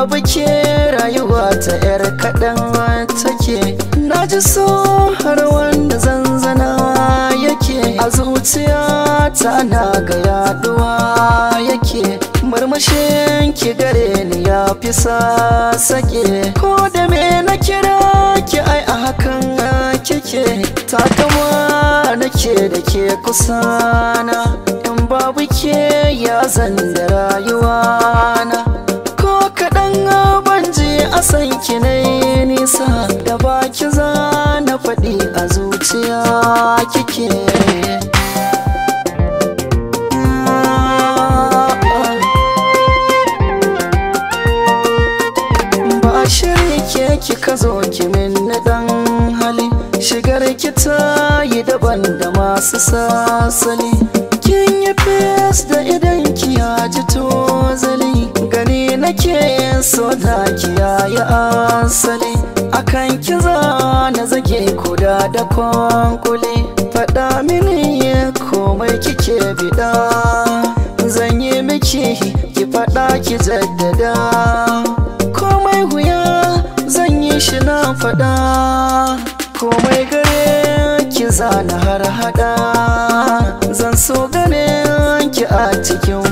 babu ke rayuwa ta yar kaɗan take na ji so har wanda zanzana yake a zuciya ta na ga yaduwa yake murmushin ki gare ni ya fi sake ko da me na kira ki ai a hakan kike na nake da ke kusana in babu ke ya zandara. da baki za na faɗi a zuciya kike ba shiri ki ka zo kimin na ɗan hali shigar ki ta yi daban da masu sasali kin yi fes da idan ki ya ji tozali gani nake so da ki yayi asali akan kiza na zage kuda da kwankuli faɗa mini komai kike bida zan yi miki ki faɗa ki jaddada komai wuya zan yi shi na faɗa komai gare ki zana har hada zan so ganin ki a cikin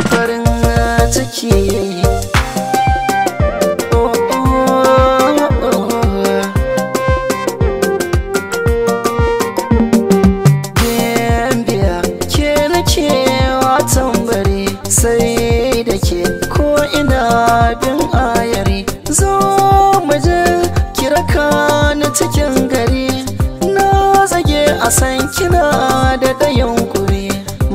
abin ayari zo muje kiraka na cikin gari na zage a san kina da ɗayan kuri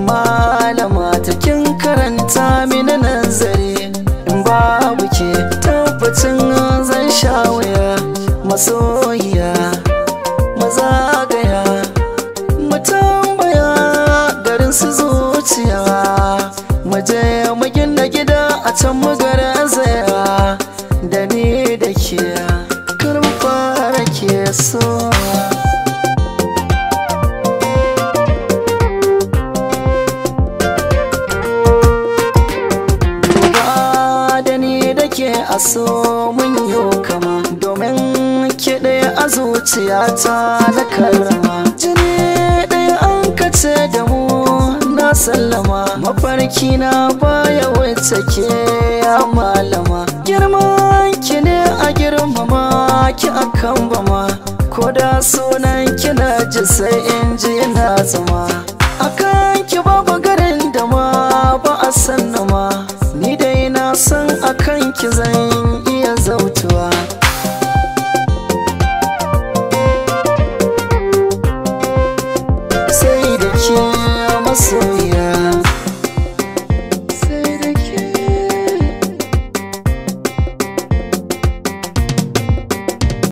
malama cikin karanta mini nazari babu ke tabbacin zan shawaya waya masoyiya mazagaya matambaya garin su zuciya muje mu gida a can magara zaya da ni da ke kar mu fara ke a so mun yi kama domin kiɗe a zuciyata na karama sallama mafarki na baya wata ke ya malama girman ki ne a girmama ki a kan bama ko da sunan ki na ji sai in ji na zama akan ki babu garin da ma ba a san ni dai na san akan ki zan